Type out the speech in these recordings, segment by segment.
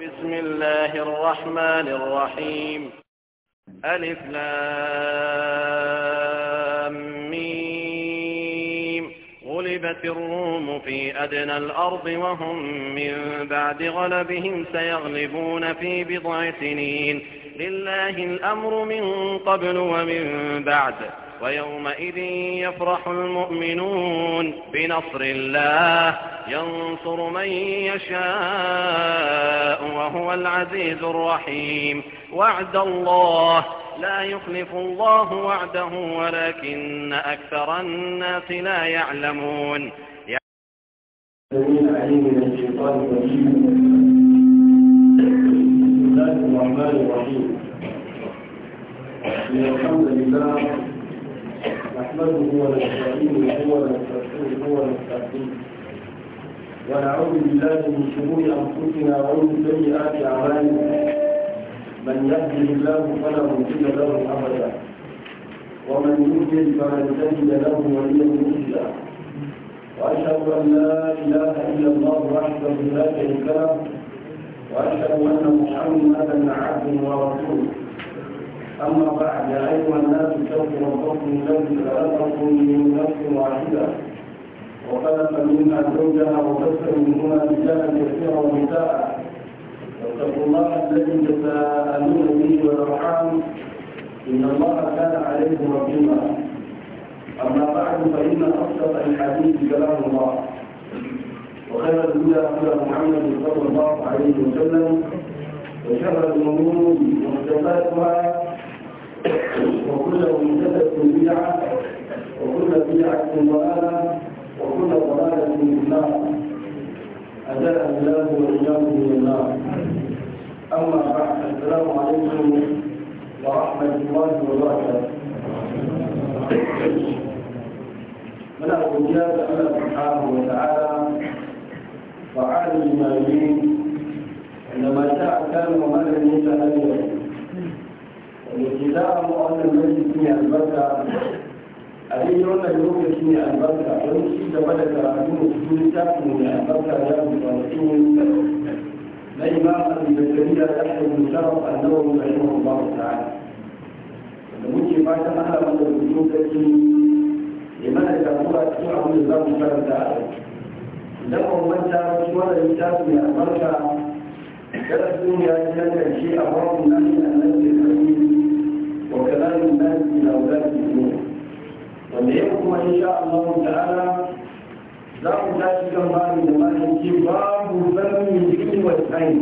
بسم الله الرحمن الرحيم ألف لام ميم غلبت الروم في أدنى الأرض وهم من بعد غلبهم سيغلبون في بضع سنين لله الأمر من قبل ومن بعد ويومئذ يفرح المؤمنون بنصر الله ينصر من يشاء وهو العزيز الرحيم وعد الله لا يخلف الله وعده ولكن أكثر الناس لا يعلمون الرحمن الرحيم الحمد لله نحمده ونستعينه ونستغفره ونستهديه ونعوذ بالله من شرور انفسنا ومن سيئات اعمالنا من يهده الله فلا مضل له ابدا ومن يضلل فلن تجد له وليا مرشدا واشهد ان لا اله الا الله وحده لا شريك له واشهد ان محمدا عبده ورسوله أما بعد يا أيها الناس اتقوا ربكم الذي خلقكم من نفس واحدة وخلق منها زوجها وبث منهما رجالا كثيرا ونساء واتقوا الله الذي تساءلون به والأرحام إن الله كان عليكم رقيبا أما بعد فإن أصدق الحديث كلام الله وخير الهدى هدى محمد صلى الله عليه وسلم وشر الأمور محدثاتها وكل محدثة بدعة وكل بدعة ضلالة وكل ضلالة في النار أزال الله وإياكم من النار أما بعد السلام عليكم ورحمة الله وبركاته من أولياء الله سبحانه وتعالى وعالم ما عندما شاء كان وما لم يشاء لم يكن da za a wannan lokaci ne albarka a daidai wannan lokaci ne albarka don ci gaba da karatu da cikin littafin mai albarka ya rubuta mutum na imam al da ya shaɗu sharaf annabawi rahimahullahu ta'ala da muke fatan Allah wanda mutum sarki ya mana jagora cikin abin da za mu karanta a yau idan ban manta shi wannan littafin mai albarka darasin ya ji na shi a babu nan annabi وكلام الناس kuma أولاد الدين والليل كما إن za mu tashi kan babin da malinci babu zanni jiki wa tsayi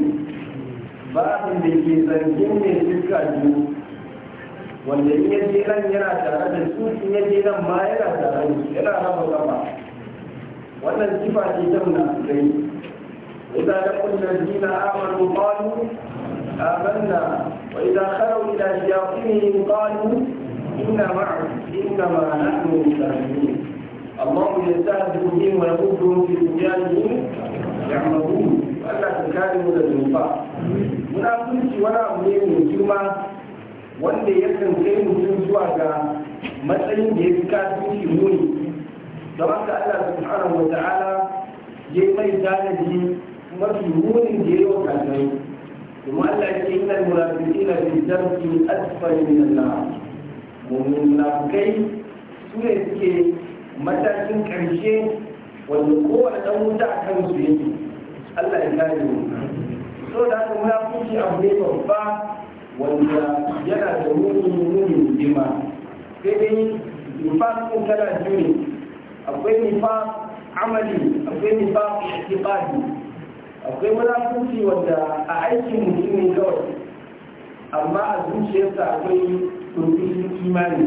babin da ke zargin ne duka biyu wanda in ya je nan yana tare da su in ya je nan ma yana tare da su yana raba kafa wannan sifa ce ta munafikai idza laqul ladina amanu qalu آمنا وإذا خلوا إلى شياطينهم قالوا إنا معكم إنما نحن مسلمين الله يستهزئ بهم ويمدهم في طغيانهم يعملون Allah ka kare mu da zunuba munafurci wani abu ne mai girma wanda yakan kai mutum zuwa ga matsayin da ya fi kafin muni da wanda Allah subhanahu wa ta'ala ya mai tanadi mafi munin da ya yi wa kafirai ثم قال لك إن المنافقين في الدرك أسفل من النار ومنافقين سورة كي متى تنكر شيء والقوة لو تعكم سيدي الله يكرمه saboda haka munafunci abu ne babba wanda yana da muni muni jima sai dai nifaq kun tana biyu ne akwai nifaq amali akwai nifaq iqtiqadi akwai munafunci wanda a aikin mutum ne kawai amma a zuciyarsa akwai turbin imani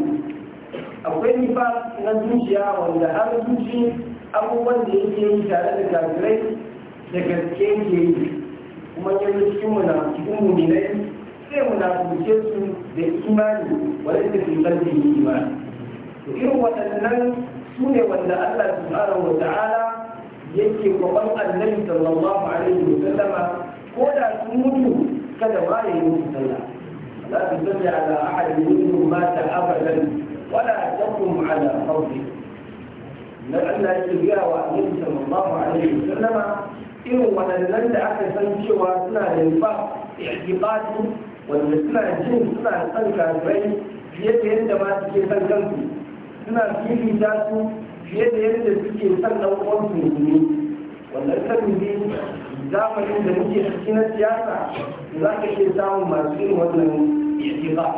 akwai nifa na zuciya wanda har zuci abubuwan da yake yi tare da kafirai da gaske yake yi kuma yanzu cikin cikin muminai sai munafuke su da imani da ke karfin imani irin waɗannan su ne wanda Allah subhanahu wa ta'ala yake kwakwan annabi sallallahu alaihi wa sallama ko da sun mutu kada ma ya yi musu sallah la tusalli ala ahadin minhum mata abadan wala taqum ala qawli na Allah yake biya wa annabi sallallahu alaihi wa sallama irin wadannan da aka san cewa suna da nufa ihtiqadi wanda suna jin suna san kafirai fiye da yadda ma suke san kansu suna fifita su fiye da yadda suke son ɗan uwansu musulmi wannan sanin ne zamanin da muke ciki na siyasa za ka iya samun masu irin wannan ba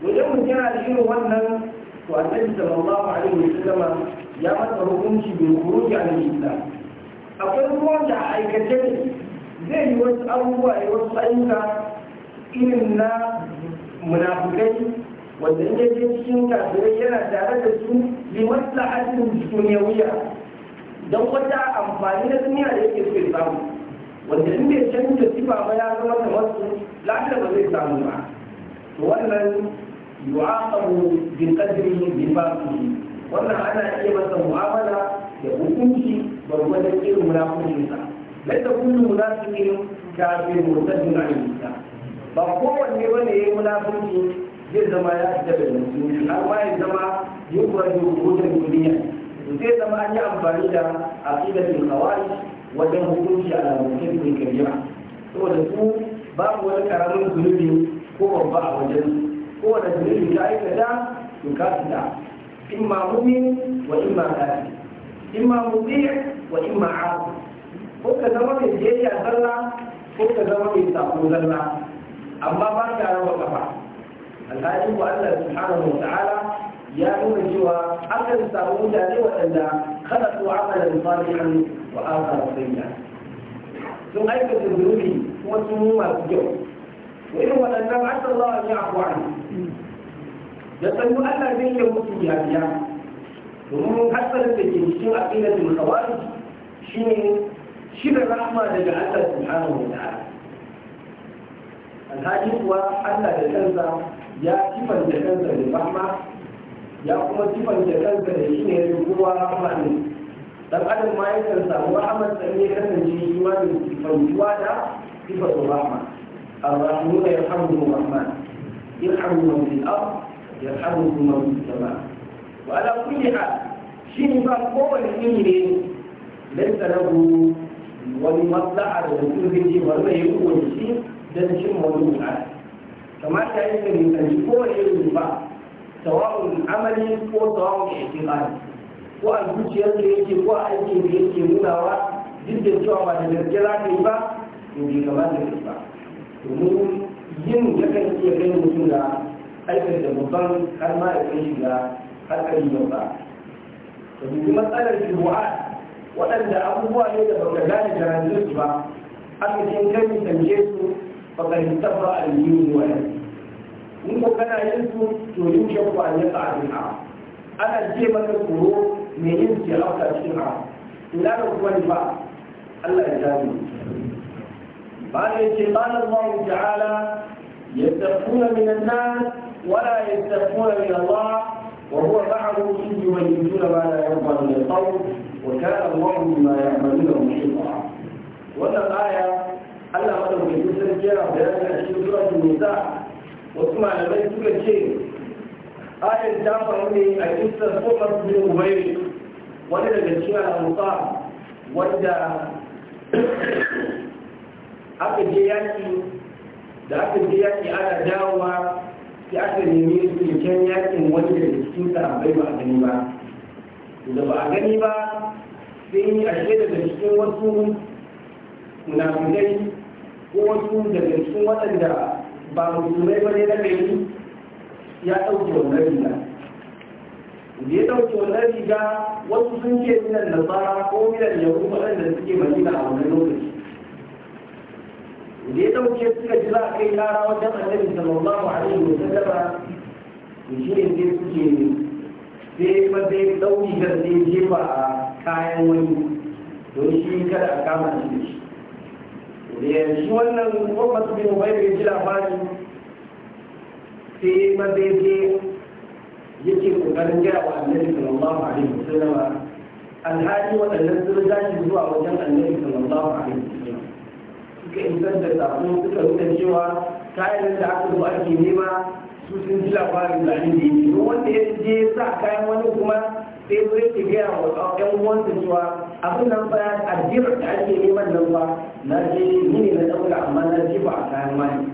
wajen mutum yana da irin wannan to annabi sallallahu alaihi wasallama ya masa hukunci bil khuruj an islam akwai kuma da aikace ne zai yi wasu abubuwa ya wasu ayyuka irin na munafukai wanda in yaje cikin kafirai yana tare da su bi maslahatin duniyawiya don wata amfani na duniya da yake so samu wanda in bai canza sifa ba ya zama kamar su lafiya ba zai samu ba to wannan yu'aqabu bi qadrihi bi baqi wannan ana iya masa mu'amala da hukunci gwargwadon irin munafuncinsa bai da kullum munafikin kafin murtadin ayyuka ba kowanne bane ya yi munafunci zai zama ya ita da musulmi har ma ya zama yukwar da hukunan duniya zai zama an yi amfani da yin hawaii wajen hukunci a lamarin da kabira saboda su mu wani karamin zunubi ko babba a wajen ko da zunubi ta aikata to in ma mu'min wa in ma imma in ma muti' wa in ma 'asi ko ka zama mai a zalla ko ka zama mai sako zalla amma ba ka rawa kafa alhalin ko Allah subhanahu wa ta'ala ya nuna cewa akan samu mutane waɗanda kada su amalan salihan wa aka sayya sun aikata zunubi kuma sun yi masu kyau wani waɗannan asallawa ya abuwa da sannu Allah zai yi musu yafiya domin hasarin da ke cikin aqidatul khawarij shine shirin rahama daga Allah subhanahu wa ta'ala alhaji kuwa Allah da kansa ya kifanta kansa da fama ya kuma kifanta kansa da shi ne ya kuma rahmani dan adam ma yakan samu rahmat da ne kan shi shi ma da kifantuwa da kifanta rahma arrahmu ya hamdu rahman yarhamu man fil ard yarhamu man fis sama wa ala kulli hal shi ne ba kowane shi ne laysa lahu wani maslaha da zai ji wannan yayin ko shi dan cin wani mutane kamar ta yi da nisanci kowane irin ba tsawon amali ko sawa'un ihtimali ko a zuciyar da yake ko a aiki da yake nunawa duk da cewa ba da gaske za ka yi ba to bai kamata ka yi ba domin yin yakan iya kai mutum da aikar da babban har ma da kai shiga yau babba to dubi matsalar shubuhat waɗanda abubuwa ne da baka gane garanzin su ba aka cin kai nisance su فقد انتقر الدين الوحيد منذ كان ينسوا تريد أن يقع في الحرام أنا الجيمة القرون من ينسي أو تشيحة إلا نقوم بها الله يجعلني بعد قال الله تعالى يستخفون من الناس ولا يستخفون من الله وهو بعض من يميزون ما لا يقبل من القول وكان الله بما يعملون محيطا وهذا الآية Allah madaukakin sarki da bayani a cikin suratul nisa wasu malamai suka ce ayan ta faru ne a kisar Umar ne Ubayr wani daga cikin al'amsa wanda aka je yaki da aka je yaki ana dawowa sai aka nemi sulken yakin wani daga cikin sahabbai ba a gani ba da ba a gani ba sai ashe da cikin wasu munafikai ko wasu daga cikin waɗanda ba musulmai ba ne na gari ya ɗauke wannan riga da ya ɗauke wannan riga wasu sun ke minan nasara ko minan yahu waɗanda suke madina a wannan lokaci da ya ɗauke suka ji za a kai lara wajen annabi sallallahu alaihi wa sallama to shi ne sai suke sai ba sai ɗauki da sai jefa a kayan wani don shi kada a kama shi da shi yanzu wannan ƙwaƙwas bin ubai bai ji labari sai mazaje yake ƙoƙarin gaya wa annabi sallallahu alaihi wasallam alhali waɗannan sun tashi zuwa wajen annabi sallallahu alaihi wasallam suka isar da sako suka nuna cewa kayan da aka zo ake nema su sun ji labarin da inda yake wanda ya je sa kayan wani kuma sai zo yake gaya wa ɗan uwansa cewa abin nan fa ajiyar da ake neman nan ba na je ni ne na ɗauka amma na ji ba a kayan mani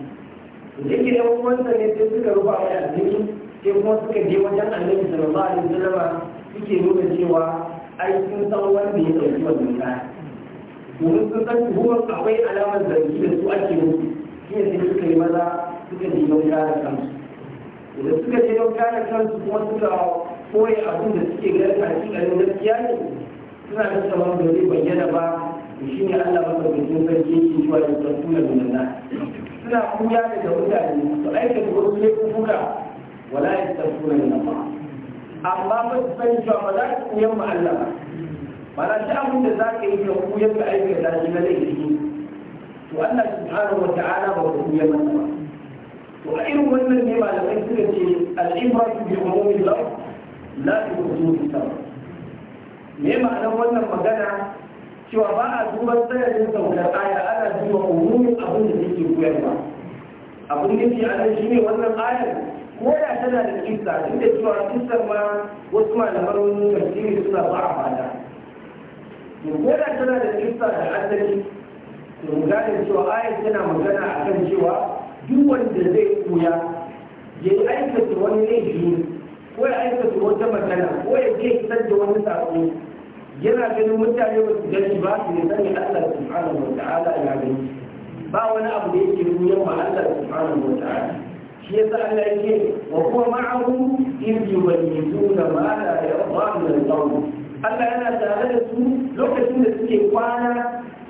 da ke ɗan uwansa ne sai suka rufa mai addini sai kuma suka je wajen annabi sallallahu alaihi wasallama suke nuna cewa ai sun san wanda ya ɗauki wannan kayan domin sun san tuhumar akwai alamar zargi da su ake musu shi ne sai suka yi maza suka je don kare kansu da suka je don kare kansu kuma suka koyi abin da suke ganin hakikalin gaskiya ne suna da kamar da zai bayyana ba shi ne Allah da madaukakin sarki yake cewa da tsantuna da nan suna kuya daga mutane su aikata wasu laifuka wala yastafuna min Allah amma ba su san cewa ba za su kuyan ma Allah ba Ba na shi abin da za ka yi ka kuyan ka da shi na laifi to Allah subhanahu wa ta'ala ba ku kuyan masa ba to a irin wannan ne malamai suka ce al'ibratu bi umumi lafz la bi wujudi sabab me ma'anar wannan magana cewa ba a duban sanadin saukar aya ana duba umumin abin da take koyarwa abin da ke anan ne wannan ayar ko da tana da kissa duk da cewa kissar ma wasu malaman wani tafsiri suna ba a fada to ko da tana da kissa da asali to mu gane cewa ayar tana magana akan cewa duk wanda zai koya ya aikata wani laifi ko ya aikata wata magana ko ya ke isar da wani sako yana ganin mutane ba su gani ba su ne da Allah subhanahu wa ta'ala ya gani ba wani abu da yake ruyan ma Allah subhanahu wa ta'ala shi ya sa Allah yake wa huwa ma'ahu in yubayyituna ma da yarda min da qawl Allah yana tare da su lokacin da suke kwana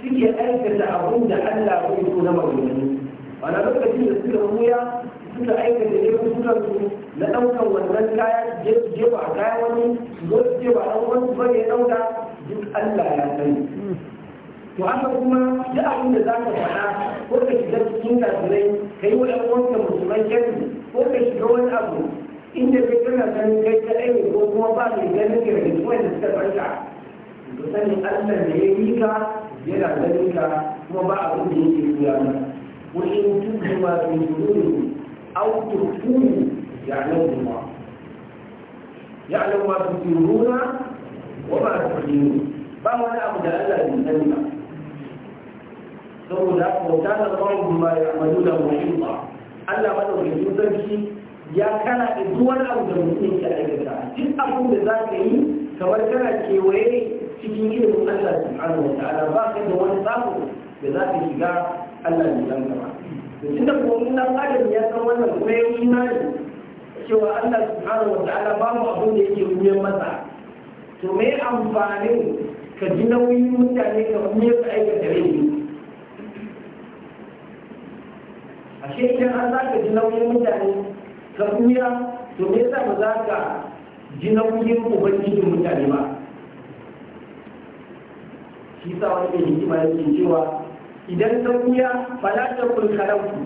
suke aikata abin da Allah bai so na magana wani lokacin da suka ruya suka aikata ne kusurar su na ɗaukar wannan kaya je su je ba kaya wani su zo je ba wani ba ne ɗauka duk Allah ya sani. To haka kuma duk abin da za ka faɗa ko ka shiga cikin kasirai ka yi wa ɗan musulman kyanu ko ka shiga wani abu inda kai kana ganin kai ka ɗaya ko kuma ba mai ganin ka da kuma da suka farka. To sanin Allah da ya yi ka yana ganin ka kuma ba abin da yake kuya mana. وإن تبدوا ما في قلوبكم أو تخفوه يعلم الله يعلم ما Ba wani abu da Allah أبد ألا يسلم saboda wata da tsawon ma ya amalu da mutum ba Allah ba da wajen sarki ya kana da duk wani abu da mutum ke aikata duk abin da za ka yi kamar kana kewaye cikin ilimin Allah subhanahu wa ta'ala ba ka da wani tsaro da za ka shiga Allah ne dan gaba tunda kuma nan adam ya san wannan kuma ya yi imani cewa Allah subhanahu wa ta'ala ba mu abin da yake wuyan masa to me amfanin ka ji nauyin mutane ka kuma ka aikata rai ashe idan an za ka ji nauyin mutane ka kuma to me yasa ba za ka ji nauyin ubangijin mutane ba shi sa wani mai hikima yake cewa idan ta kuya fala ta kun karautu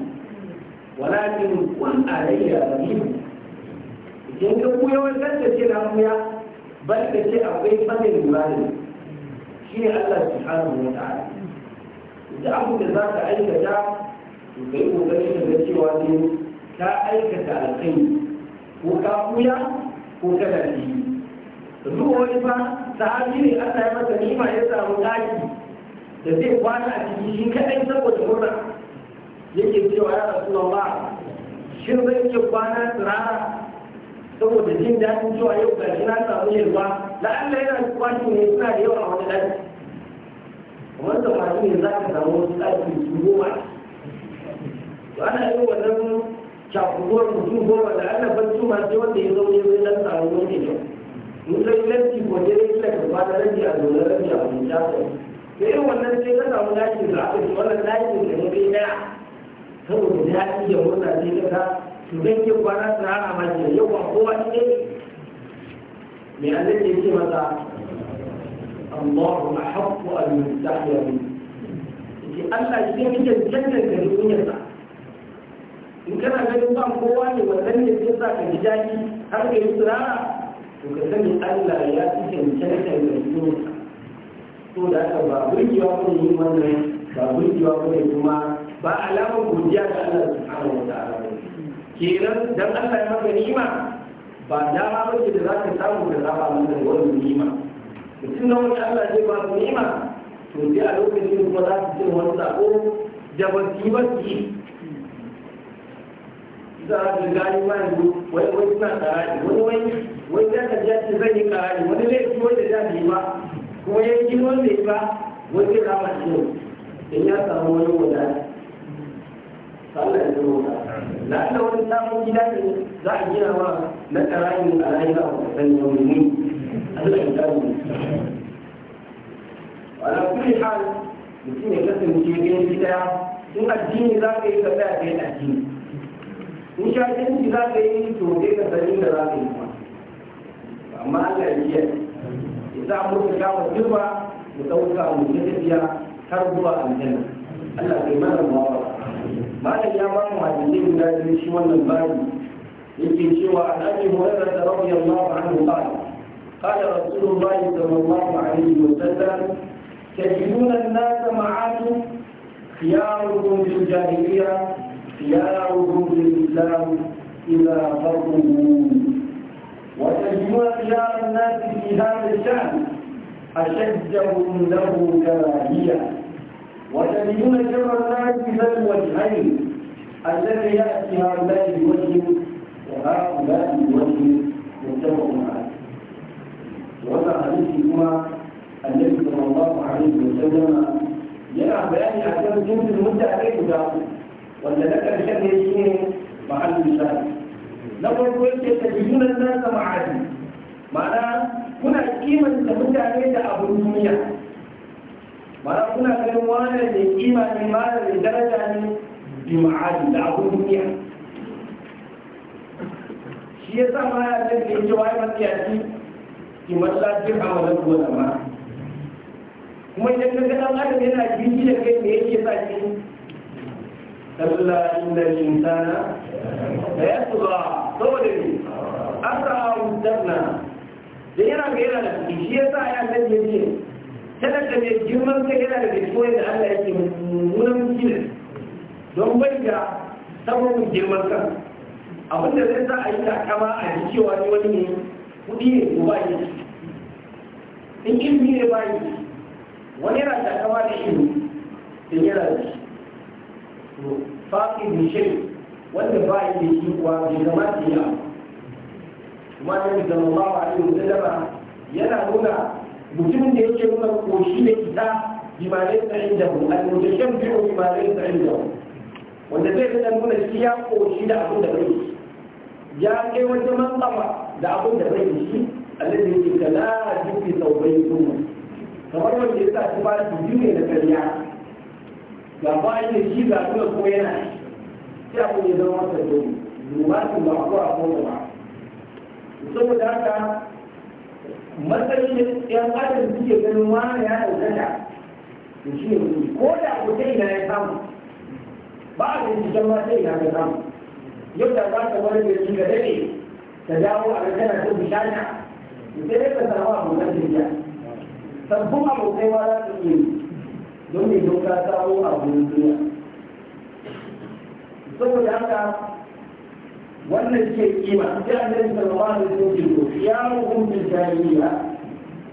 walakin kun alayya rabihu idan ka kuya wannan da ce na kuya bal da ce akwai fadin lura da shi ne Allah subhanahu wa ta'ala da abu da za ka aikata to kai kokari ka ga cewa ne ka aikata alkhairi ko ka kuya ko ka dafi duk wani fa sahabi ne Allah ya masa nima ya samu daki da zai kwana a ciki shi kaɗai saboda murna yake cewa ya rasu ba shi zai ke kwana tsirara saboda jin daɗin cewa yau ga shi na samu yalwa la'alla yana kwanci ne suna da yawa a wani ɗari kamar da masu ne za ka samu wasu ɗaki su goma to ana yi wannan cakuruwar mutum goma da Allah barci ma sai wanda ya zaune zai dan samu wani ne mun zai lanci ko ne zai kila ka kwana rabi a zaune rabi a wani da irin wannan sai ka samu dakin da aka ji wannan dakin da wuri daya saboda daɗi da murna sai ka ta shugan ke kwana su rana ma ke yau ba kowa ne me Allah ke ce masa Allahu ahaqqu an yustahya min ke Allah shi ne kike tantance sa. in kana ganin ba kowa ne wannan ne ke sa ka ji daɗi har ka yi tsirara to ka sani Allah ya fi cancanta da duniyarsa so da haka ba burgewa ko yin wannan ba burgewa ko kuma ba alamar godiya ga Allah subhanahu wa ta'ala kenan dan Allah ya maka ni'ima ba da ba ce da za ka samu da zaba maka da wannan ni'ima mutum na wani Allah zai ba su ni'ima to sai a lokacin kuma za su ce wani sako da ba su yi ba su yi za a ga gani ba yanzu wani wani suna karari wani wani wani za ka ji zan yi karari wani laifi wanda za ka yi ba kuma ya ji wanda ya ba wani rama shi in ya samu wani wanda Allah ya zama na la'alla wani sabon gida ne za a gina wa na tsarayin a rayuwa a kusan yau ne Allah ya zama ala kulli hal mutum ya kasance ganin gida in addini za ka yi ka tsaya kai addini in shaƙinci za ka yi to kai ka sanin da za ka yi amma Allah ya yi za mu rufe mu duba mu ɗauka mu yi tafiya har zuwa aljanna Allah kai mana mawa malam ya ba mu hadisi guda biyu shi wannan babu yake cewa an abi hurairah radiyallahu anhu qala قال رسول الله صلى الله عليه وسلم تجدون الناس معاكم خياركم في الجاهليه خياركم في الاسلام اذا فرقوا وتجمع خيار الناس في هذا الشأن أشدهم له كراهية وتجدون شر الناس ذا الوجهين الذي يأتي هؤلاء بوجه وهؤلاء بوجه متفق عليه وضع حديثهما النبي صلى الله عليه وسلم يلعب بيان أحكام جنس المدة عليه ولا ذكر شر يشين محل الشاهد na farko yake ta jirunan nasa ma'adi ma'ana kuna kimanta mutane da abin duniya ma'ana kuna ganin wani da kima ne ma'ana da daraja ne bi ma'adi da abin duniya shi ya sa ma ya ce da yake wani mafiyaci kimar lafiyar amalar gona ma kuma idan ka gaɗan adam yana jirgi da kai me yake sa shi kalla inda insana da ya tuba da yana ga yana da kuɗi shi ya sa ya san ya ce da mai girman ka yana da gaskiya da Allah yake mummunan kila don bai da saman girman kan abin da zai za a yi takama a yi cewa ne wani ne kuɗi ne ko ba yi in ilimi ne ba yi wani yana takama da ilimi in yana da shi faƙi da shi wanda ba yi da shi kuwa bai zama da yi kuma annabi sallallahu alaihi wasallam yana nuna mutumin da yake nuna koshi ne da kita bima laysa indahu al-mutashabbihu bima laysa indahu wanda zai nuna nuna shi ya koshi da abin da bai yi ya kai wata mantsama da abin da bai shi alladhi yake kala jiki saubai kuma kamar wanda ya sa shi ba su biyu ne na karya ba bayan da shi ga nuna ko yana shi abin ya zama masa dole lumatin ba ko a ko ba saboda haka matsayin yan adam suke ganin wani ya ɗaukaka da shi ne ko da abokai na ya samu ba a da jikin ma sai na ya samu yau da za ka wani da shi ga dade ka dawo a ga tana ta bishana sai dai ka samu abokan jirgiya sabbin abokai ma za su iya don ne don ka samu abokan duniya saboda haka wannan ke kima sai annabi sallallahu alaihi wasallam ya ce khiyaruhum bil jahiliya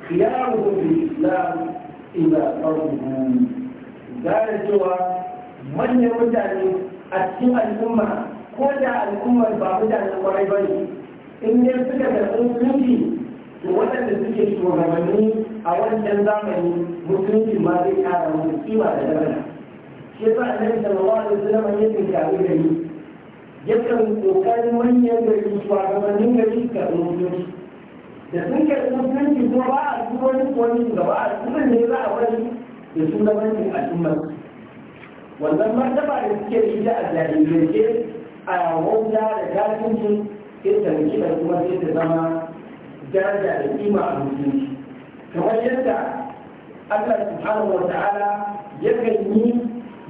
khiyaruhum bil islam ila qawmihim zai cewa manyan mutane a cikin al'umma ko da al'ummar ba mutane kwarai ba ne in ne suka da mutunci to waɗanda suke shugabanni a wancan zamani mutunci ma zai ƙara musu kima da dabara shi yasa annabi sallallahu alaihi wasallam ya ce da ni yakan kokarin manyan gari shugabannin gari ka musulunci da sun karɓi musulunci kuma ba a ci wani wani gaba a cikin ne za a bari da shugabancin al'ummar wannan martaba da suke yi da da ke a wanda da gashinsu sai ta rike da kuma sai ta zama daraja da kima a musulunci kamar yadda Allah subhanahu wa ta'ala yakan yi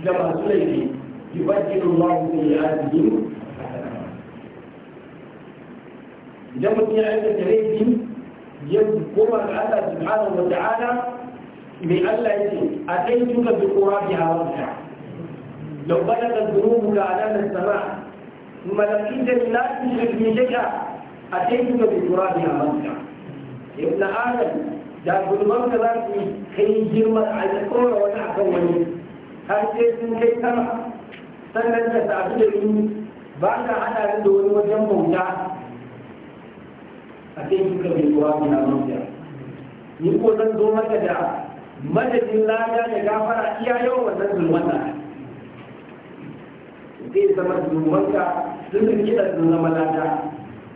da masu laifi yubajjiru Allah sayyi'atihim idan mutum ya aikata laifi ya koma ga Allah subhanahu wa ta'ala Me Allah yake a kai tuka bi qurabi hawanka law balaga dhunubuka ala na sama da لقيتني لا a بي شيئا أتيتك بتراب أمامك يا ابن آدم da gulman da za su kai girma a yi tsora wani a kan wani har sai sun kai sama sannan ka sa'adu da yi ba ka hada da wani wajen bauta a ce suka bi ruwa bi na mafiya ni ko zan zo maka da madadin lada da gafara iya yawan wannan zulman na zai zama zulmanka sun rike da sun zama lada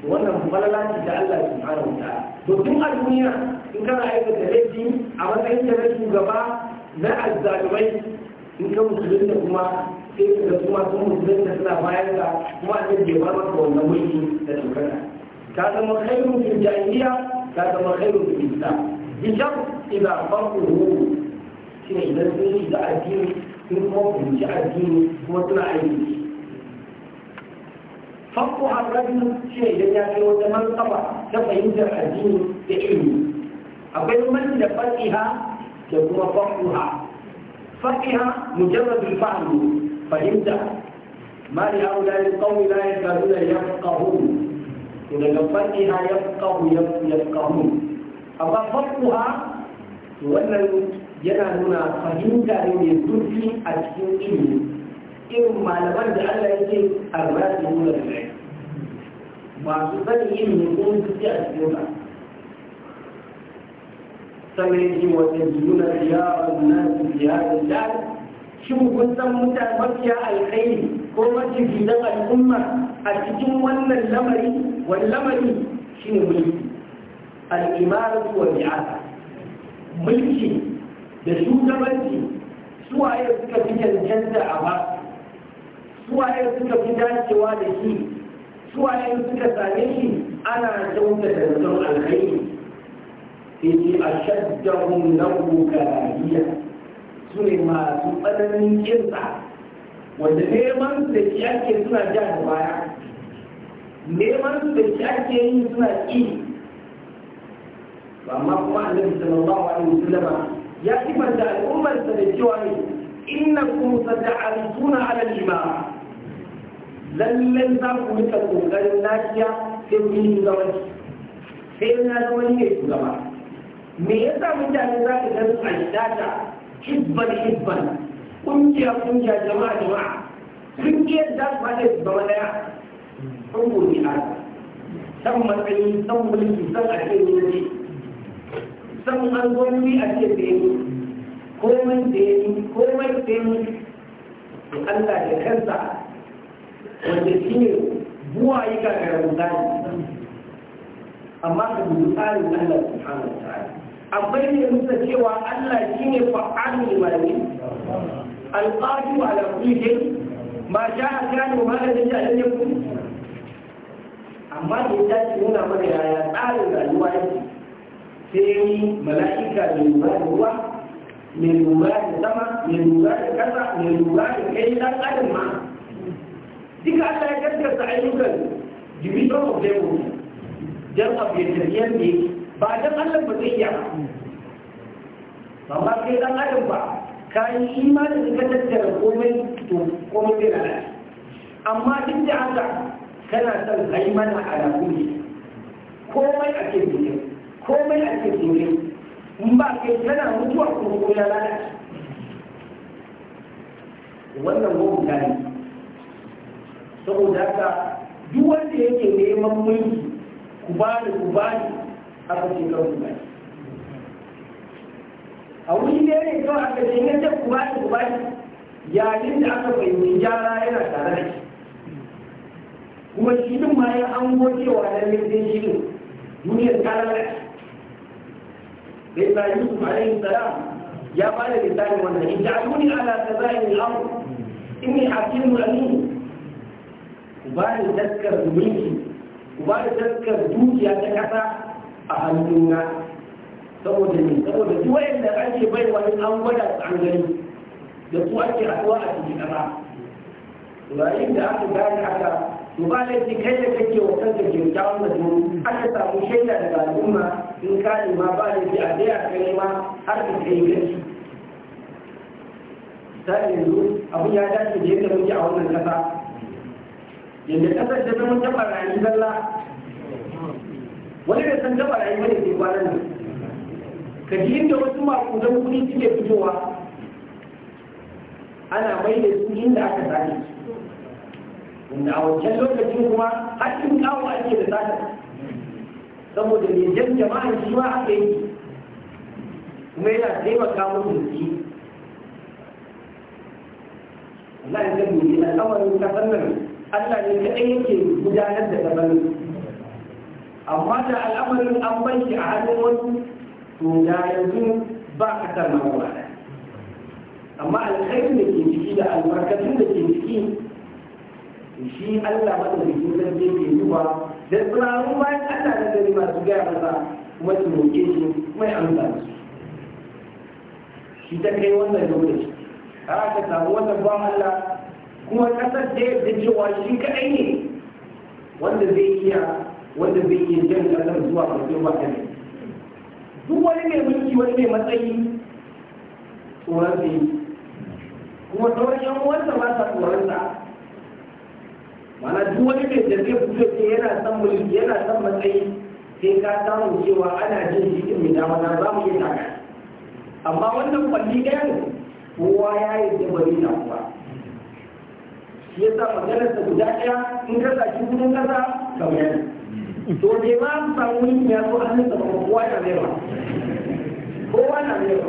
wannan falala ce da Allah ya wa ta'ala to tun a duniya in kana aikata laifi a matsayin da na shugaba na azzalumai in ka musulunta kuma sai ka kuma sun musulunta suna bayan ka kuma a bai ba maka wannan mulki da dokar كان مخير في الجاهلية كان مخير في الإسلام بشرط إذا فرقه شيء دسمي إذا أدين في الموقف يعني؟ إذا أدين هو تنعي فرق عن رجل شيء دنيا في وزمان طبعا كما ينزل أدين يحلو أبين من لفرقها يكون فرقها فرقها مجرد الفعل فهمت ما لهؤلاء القوم لا يكادون يفقهون to daga fadiha yafqahu yafqahu amma fadhuha to wannan yana nuna fahimta ne mai zurfi a cikin ilimi irin malaman da Allah yake arrazi nuna da rai masu sani ilimi ko zurfi a cikin ba. sannan yi wata juna ya wannan ya da shi kun san mutane mafiya alkhairi ko mafi fitan al'umma a cikin wannan lamari wani lamari ne mulki al’imar zuwa bi'ata mulki da shugabanci suwaye suka fi cancanta a ba suwaye suka fi dacewa da shi suwaye suka same shi ana kyauta da zan alkhairi sai ce a shaddahun ga kariya su ne masu tsananin kinsa wanda neman da ke ake suna ja da baya neman su da shi ake yi suna ƙi ba ma kuma ba wani musulma ba. ya kifanta al'ummarsa da cewa ne kuma innakum suna ala al-imam lallai za ku rika ƙoƙarin lafiya sai ku yi shugabanci sai na zama ne gaba me yasa mutane za ka ga a ashdata hibban hibban kungiya kungiya jama'a jama'a sun ki yadda su su shugaba daya saboda ne haka san matsayi san mulki san ake ne san an gwamnati a ce da yi komai da yi komai da yi to Allah da kansa wanda shi ne buwa yi gagara mutane amma ka dubi tsarin Allah subhanahu wa ta'ala abai ne musa cewa Allah shi ne fa'alu ne malami alqadi ala kulli shay ma sha'a kana wa ma lam yasha'u lam yakun amma da ya tashi nuna mana yaya tsarin rayuwa yake sai mala'ika da lura da ruwa mai lura da sama mai lura da kasa mai lura da kai na tsarin ma duka ta ya gaskata ayyukan division of labor dan abiyatariyan ne ba don Allah ba zai iya ba ba kai dan adam ba ka yi imanin ka tattara komai to komai zai lalace amma duk da haka kana son haimana a kulli komai ake dole komai ake dole in ba ke tana mutuwa ko ko ya lalace wannan gwamnati ne saboda haka duk wanda yake neman mulki ku bani ku bani aka ce kan ku a wuri da yanayi kawai aka ce yanzu ku bani ku bani yayin da aka fahimci gyara yana tare da shi kuma cikin ma ya an cewa lalle sai shi ne duniyar ta lalace sai sa yusuf alaihi salam ya fara lisanin wannan in ta'aluni ala tazayin al-amr a hakimu ku ba ni taskar mulki ba ni daskar dukiya ta kasa a hannuna saboda ne saboda duk wanda ake bai wani an gwada su an gani da su ake haɗuwa a cikin kasa. yayin da aka gane haka to ba kai da kake wa kanka wanda zato aka samu shaida daga al'umma in ka ma ba biya a daya ka ma har ka kai gaci misali yanzu abu ya dace da yadda muke a wannan kasa yadda kasar da zama ta yi zalla wani da san ta barani wani ke kwanan nan ka ji inda wasu makudan kuɗi suke fitowa ana mai da su inda aka sake su inda a wancan lokacin kuma in kawo ake da sata saboda mai jan jama'an shi ma aka yi kuma yana taimaka musu shi Allah ya gani ne al'amarin kasar nan Allah ne kaɗai yake gudanar da kasar amma da al'amarin an bai shi a hannun wani to da yanzu ba a kasar nan amma alkhairin da ke ciki da albarkatun da ke ciki shi Allah madaukaki zan je ke zuwa da tsirarun bayan Allah da gari masu gaya masa kuma su roƙe shi kuma ya amsa su shi ta kai wannan lokaci a aka samu wannan ba Allah kuma kasar da yadda cewa shi kaɗai ne wanda zai iya wanda zai iya jan kasar zuwa farko ba ta duk wani mai mulki wani mai matsayi tsoron sai kuma tsoron yan uwansa ba sa tsoron sa mana duk wani mai da zai fito ce yana son mulki yana san matsayi sai ka samu cewa ana jin jikin mai na za mu yi taka amma wannan kwalli ne kowa ya yi da bari na kuma shi ya sa maganarsa guda ɗaya in ka saki gudun kasa kamar to dai ma an samu mulki ya zo hannun sa kuma kowa na mai ba kowa na mai ba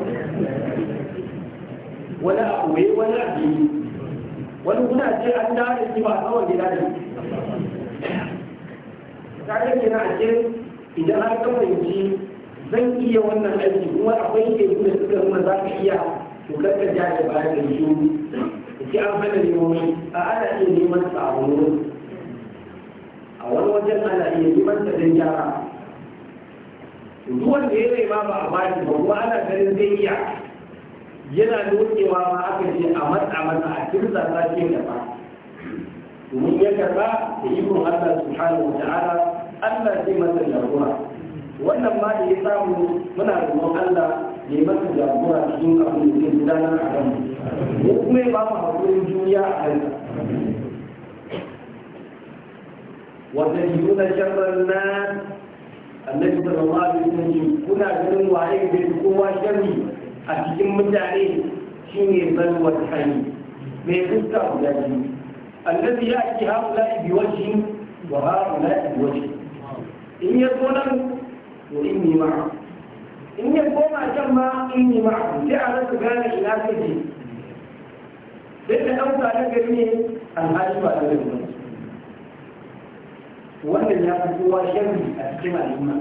wani abu koyi wani abu wani kuna ce an dawo da shi ba a tsawon gida ne ta ga na a ce idan an kasance zan iya wannan aiki kuma akwai ke da suka kuma za ka iya to karka ja da baya da shi ki an hana neman a ana iya neman sa a wurin a wani wajen ana iya neman sa don gyara duk wanda ya rai ma ba a bashi ba kuma ana ganin zai iya yana dokewa ma aka ce a matsa masa a kirza ta ce da ba mun ya karba da ikon Allah subhanahu wa ta'ala Allah zai masa jagora wannan ma da ya samu muna roƙon Allah ne masa jagora cikin abin da ke gudanar a kanmu ko kuma ya ba mu hakurin juriya a kansa وتجدون شر الناس النبي annabi sallallahu alaihi wasallam kuna ganin waye da kowa sharri a cikin mutane shi ne balwar hali mai fuska guda biyu allazi ya ci haula bi wajhi wa haula bi wajhi in ya zo nan to inni ma in ya koma can ma in inni ma sai a rasa gane ina ka kaje sai da ɗauka na gari ne alhali ba da gari wannan ya fi kowa sharri a cikin al'umma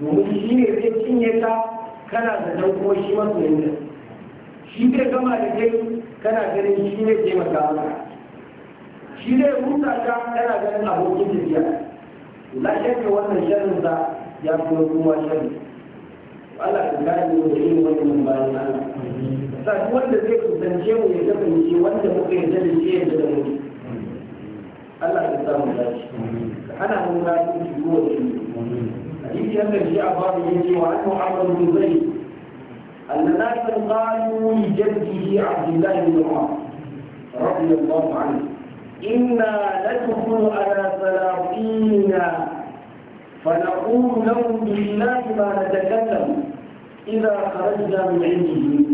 domin shi ne zai cinye ta kana da dan kuma shi masoyin ka shi zai gama da kai kana ganin shi ne ke maka Allah shi zai huta ka kana ganin abokin tafiya Na shakka wannan sharrin sa ya kuma kuma sharri Allah ka gane mu da yin wannan bayan Allah sa wanda zai kusance mu ya kasance wanda muka yarda da shi yanzu da mu Allah ya samu dace ana nuna shi ko shi حديث هذا الشيء أفضل وعنه عمرو بن زيد أن ناسا قالوا لجده عبد الله بن عمر رضي الله عنه إنا ندخل على سلاطين فنقول لهم بالله ما نتكلم إذا خرجنا من عنده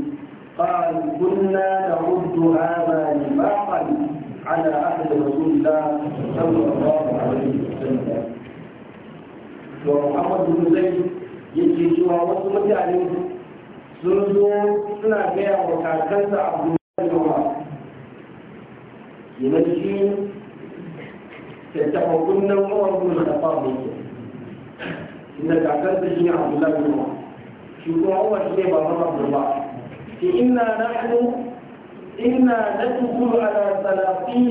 قال كنا نرد هذا نفاقا على عهد رسول الله صلى الله عليه وسلم wa muhammadu bin zaid yake cewa wasu mutane sun zo suna gaya wa kakansa abdullahi umar kenan shi tattafa kunnan umar bin ne inda kakansa shi ne shi kuma umar shi ne baban abdullahi ke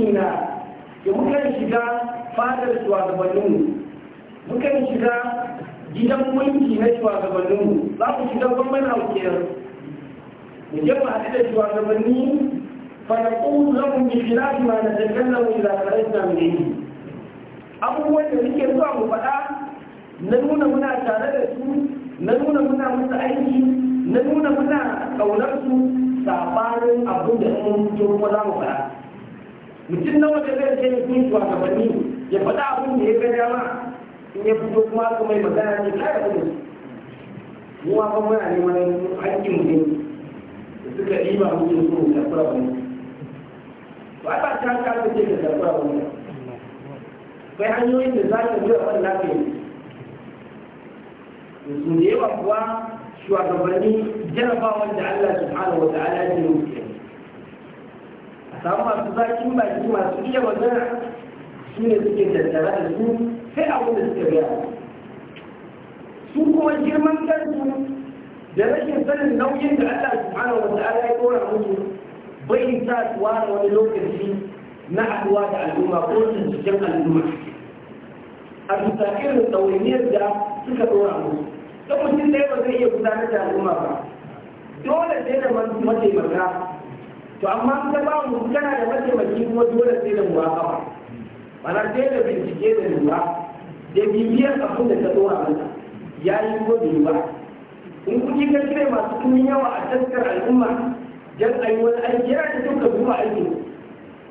ala ke muka shiga fadar mukan shiga gidan mulki na shugabanninmu za ku shiga gwamnan aukiyar mu je mu haɗu da shugabanni fanaƙun mu bi khilafi ma natakallamu idza kharajna min hadi abubuwan da muke zuwa mu faɗa na nuna muna tare da su na nuna muna musu aiki na nuna muna ƙaunar su sabarin abin da mun fito kuma za mu faɗa mutum na wajen zai ce kun shugabanni ya faɗa abin da ya ga dama in ya fito kuma aka mai magana ne kare kuma mu ma fa muna neman hakkin mu ne da suka yi ɗiba muke so da takura wani ba ta ta kasa ce ka takura wani akwai hanyoyin da za ka bi a wannan lafiya da su da yawa kuwa shugabanni jarabawar da Allah subhanahu wa ta'ala ya yi musu a samu masu zakin baki masu iya magana su ne suke tattara da su sai abin da suka gaya su kuma girman kansu da rashin sanin nauyin da Allah subhanahu wa ya dora musu bai sa su ware wani lokaci na haɗuwa da al'umma ko su cikin al'umma a bisa irin ɗawainiyar da suka dora musu ta mutum ɗaya ba zai iya gudanar da al'umma ba dole sai da mataimaka to amma ta ba mu kana da mataimaki kuma dole sai da muwafaqa mana sai da bincike da lura da bibiyar abin da ta tsohon mana ya yi gobe ba in kuɗi ka masu kuma yawa a taskar al'umma don a wani aiki yana da duka zuwa aiki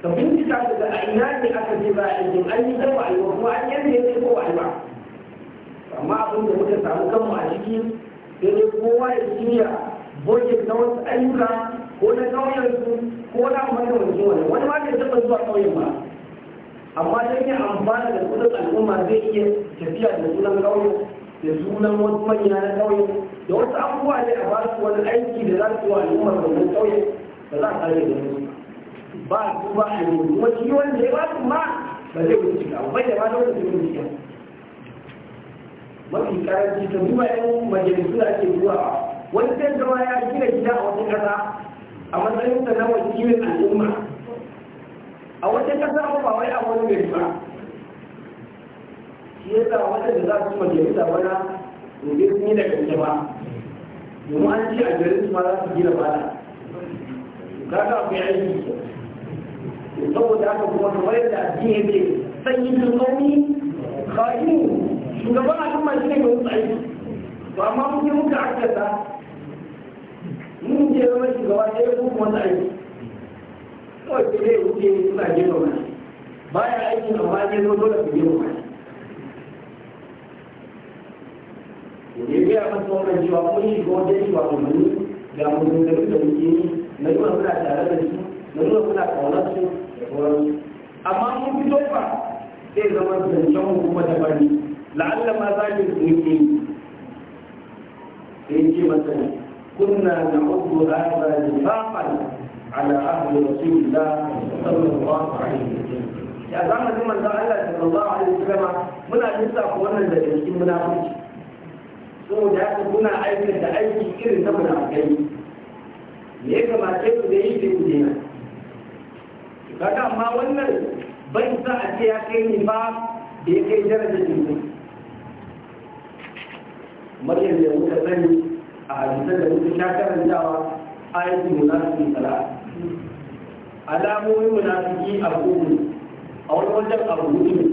ka bincika daga a ina ne aka je ba aikin an yi zama a yi kuma an yadda ya ce ko a ba amma abin da muka samu kanmu a ciki sai dai kowa ya shirya boje na wasu ayyuka ko na ƙauyensu ko na da wani wani ma bai taɓa zuwa ƙauyen ba amma dan ya amfani da kudin al'umma zai iya tafiya da sunan ƙauye da sunan wasu manya na ƙauye da wasu abubuwa ne a ba su wani aiki da za su wa da wani ƙauye da za a kare da su ba su ba a yi kuma shi wanda ya ba su ma ba zai wuce ka ba da ba da wanda zai wuce mafi karanci ta duba yan majalisu da ake zuwa wani zai zama ya gina gida a wata ƙasa a matsayin sa na wakilin al'umma a wata kasa ba wai a wani mai ba shi sa wata da za su kuma majalisa bana gobe sun yi da kanta ba domin an ce a garin su ma za su gina bana kaga akwai aiki ke saboda haka kuma kamar yadda addini ne sanyin tunomi kayu shugaban al'umma shi ne mai Ba to amma muke muka akasa mun je zama shugaba sai ya kuma wani aiki kawai da zai wuce suna gina wani baya aikin amma ya zo dole su gina wani ya gaya masa wannan cewa mun shiga wajen shi ba kuma ni ga mutuntaru da muke yi na nuna suna tare da su na nuna suna ƙaunar su da sauransu amma mun fito fa zai zama zancen hukuma da bari la'alla ma za ki muke yi sai ce masa kunna na uku hada da fafan على عهد رسول الله صلى الله عليه وسلم ya zama ji manzon Allah a alaihi wasallam muna sa ko wannan da cikin munafiki saboda haka aikin da aiki irin na munafikai me ya kamace ku da yi da ku dena kaga amma wannan bai sa a ce ya kai ni ba da ya kai darajar jinsu maryam da muka sani a da muka sha karantawa munafiki alamomin munafiki a hudu a wani wajen a hudu ne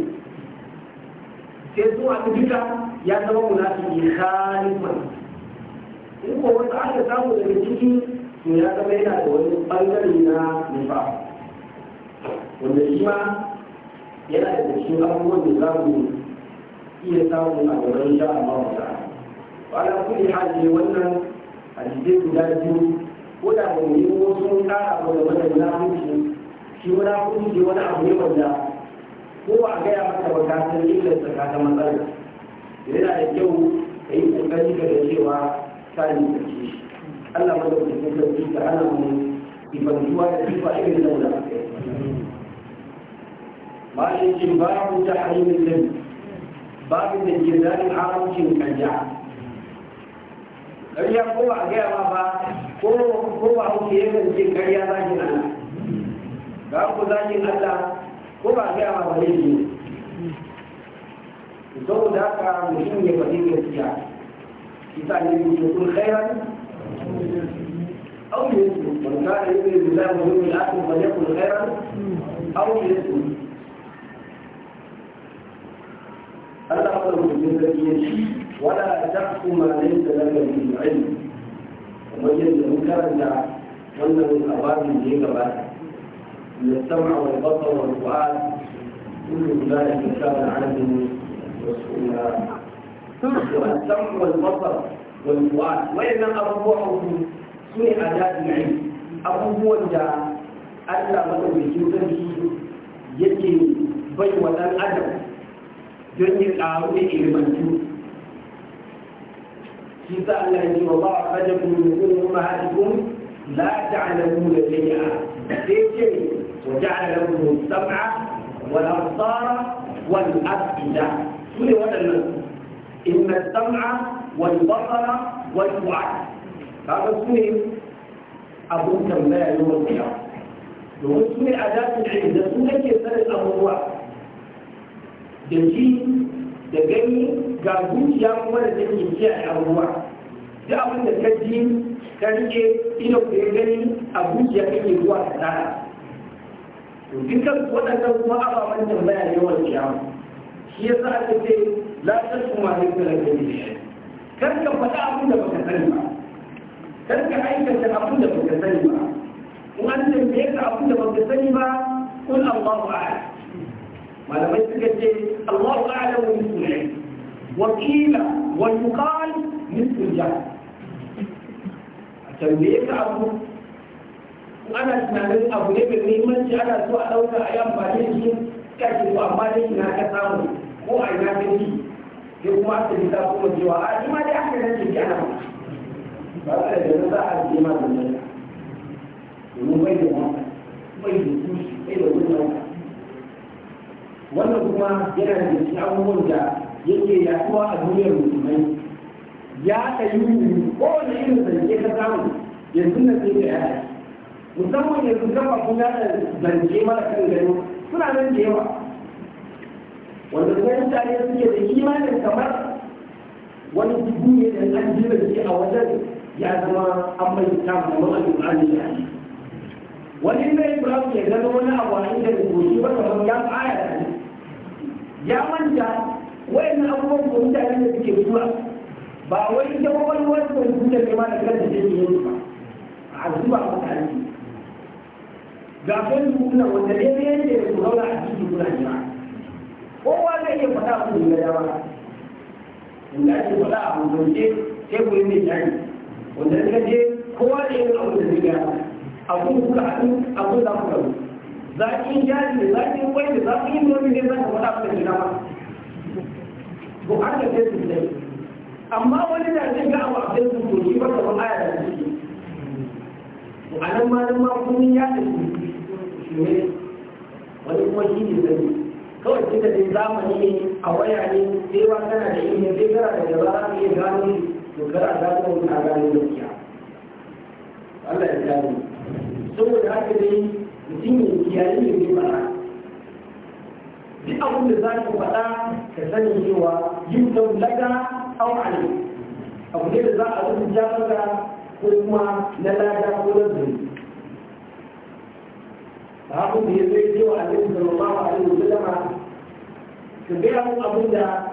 sai su a duka ya zama munafiki khalifan in ko wata aka samu daga ciki to ya zama yana da wani bangare na nufa wanda shi ma yana da cikin abubuwan da za mu iya samu a gaban sha Allah Ba na ala kulli wannan wannan hadisi guda biyu ko da ba mu yi ko sun kara ko da na munafunci shi ne wani abu ne wanda ko a gaya maka ba ka san illar ta ka matsalar yana da kyau ka yi kokari ka ga cewa ka yi sarki Allah ma da madaukakin sarki ka hana mu ibantuwa da sifa irin da munafunci malikin babu tahrimin lim babin da ke zarin haramcin kanja ƙarya ko ba a gaya ma ba ko ko ba ku ke yin ce ƙarya za ki nan ga ku za ki Allah ko ba a gaya ma ba ne ne saboda haka mutum ya faɗi gaskiya kita ne mutum khairan أو يسلم من كان يؤمن بالله واليوم الآخر فليكن خيرا أو يسلم Allah ya rubuta da ولا تقف ما ليس لك به علم ومن ينكرنا وانه الاوامر ليك بعد من السمع والبصر والفؤاد كل ذلك كان عنه مسؤولا السمع والبصر والفؤاد وإن أبوه سوء أداء العلم أبوه دا ألا مدن بجوده يجي بي الأدب أدب دنيا إلى إلمنتو في سأل الذي وضع أخرجكم من بطون أمهاتكم لا تعلمون شيئا شيء وجعل لكم السمع والأبصار والأفئدة كل المسلم إن السمع والبصر والفؤاد هذا اسمه أبو لا يوم القيامة domin su ne a سنة كيف سنة su da gani ga zuciya kuma da take kiyaye abubuwa duk abin da ka ji ka rike ido da ya gani a zuciya kake zuwa ta tsara to dukkan waɗannan kuma ababen tambaya ne wa kiyama shi ya yasa aka ce la tasuma ne kana gani kar ka faɗa abin da baka sani ba kar ka aikata abin da baka sani ba in an tambaye ka abin da baka sani ba kun Allahu a'lam malamai suka ce Allahu a'lamu min kulli wa wakila, wa yuqal min ja. a tambaye ka abu ana tunanin abu ne mai muhimmanci ana so a ɗauka a yi amfani da shi kashe ko amma dai ina ka samu ko a yi ka ji sai kuma aka ji ta kuma cewa a ji ma dai aka nan ce ana ba ba ka da za a je ma da nan domin bai da wani bai da kushi bai da wani wannan kuma yana da cikin abubuwan da yake yaduwa a duniyar musulmai ya ka yi kowane irin zance ka samu yanzu na sai da yaya musamman yanzu gaba kun yada zance mara kan gano suna nan da yawa wanda kuma mutane suke da imanin kamar wani dubu ne da an jira shi a wajen ya zama an bai ta kamar alƙur'ani ya yi wani zai ibrahim ya gano wani abu a inda da koshi ba kamar ya fara da ya manta na abubuwan ko mutanen da suke zuwa ba wai ita kwakwalwar kwamfutar ne ma da kanta ce ne ba a zuba mutane ga kan kuna wanda ne ne yake ya ku zauna a cikin kuna jira kowa zai iya faɗa ku ne ga dama in da ake faɗa a hukunce sai ku yi mai jari wanda ka je kowa da yin abu da zai gaya abun kuka abu za ku rabu za ki yi jari da za ki yi kwai da za ki yi nomi ne za da gina ba bukatar sai su dai amma wani na jin ga abu a sai su ba ta aya da su to a ma nan ma kun ya da su ne wani kuma shi ne sani kawai kika dai zamani ne a waya ne sai ba kana da ilimi sai kana da gaba za ka iya gano to kana gano wani a gano gaskiya Allah ya saboda haka dai mutum ya ne ba duk abin da za ku faɗa ka sani cewa yin don daga au ali abu ne da za a rubuta maka ko kuma na lada ko na zuri da abin da ya zai cewa annabi sallallahu alaihi wasallam ka gaya mu abin da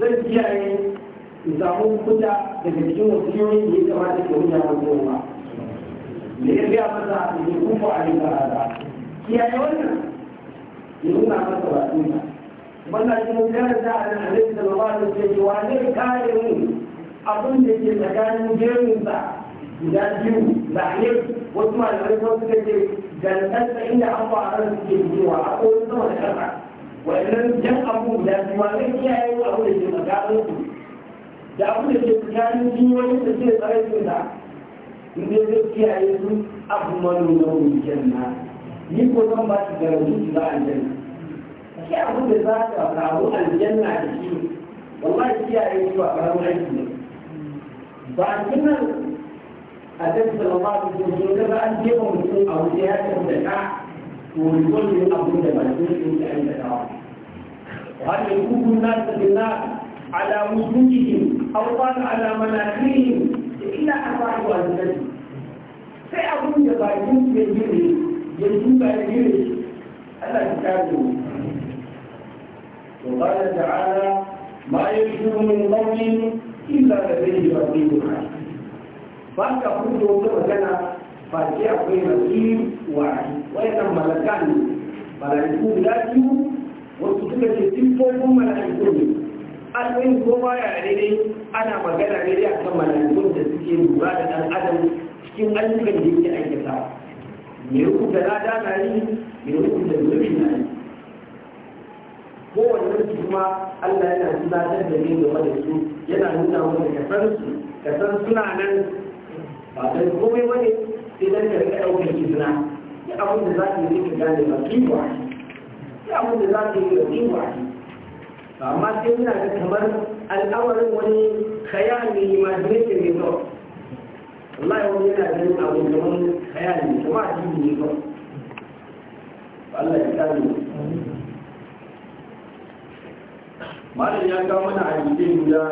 zan kiyaye in samu kuta daga cikin wasiyoyi da ya kamata ke wuce a goma me ya gaya masa da ke kufa a yin kiyaye wannan nuna masa wasu wannan shi mun karanta a nan alaihi sallallahu alaihi wasallam cewa zai kare mu abin da ke tsakanin jerinsa guda biyu lahiye wasu malamai kuma suka ce dangantaka inda an fara suke cewa a kowace sama da kasa wa'annan jan abu guda biyu wa zai kiyaye abu da ke tsakanin su da abu da ke tsakanin jiyoyin da ke tsare su da in zai kiyaye su abu manu na na ni ko zan ba ki garanti ki ba aljanna shi abu da za ka kawo aljanna da shi wallahi kiyaye shi ba karamin aiki ne ba nan a cikin sallallahu alaihi wasallam da ba an je mutum a wuce ya da ka to abu da ba da da ala aw ala sai abun da bakin ke yi ya duba ya gire ana ta kare to qala ta'ala ma yashuru min qawlin illa ladayhi raqibun ba ka fito wata magana ba ce akwai raqib wa wayannan malakan malaiku guda biyu wasu suka ce siffofin malaiku ne alwin ko ya daidai ana magana ne dai akan malaikun da suke lura da ɗan adam cikin ayyukan da yake aikatawa me rubuta lada na yi me rubuta zunubi na yi kowane mulki kuma Allah yana tunatar da ne game da su yana nuna wani ka san su ka san suna nan ba dan komai bane sai dan ka rika daukar izina ya abin da za ka yi ka gane ba kiwa ya abin da za ka yi ba kiwa amma sai yana da kamar al'amarin wani khayali imagination ne kawai wallahi wani yana ganin abu kamar hayali kuma addini ne kawai Allah ya kare malam ya kawo mana hadisai guda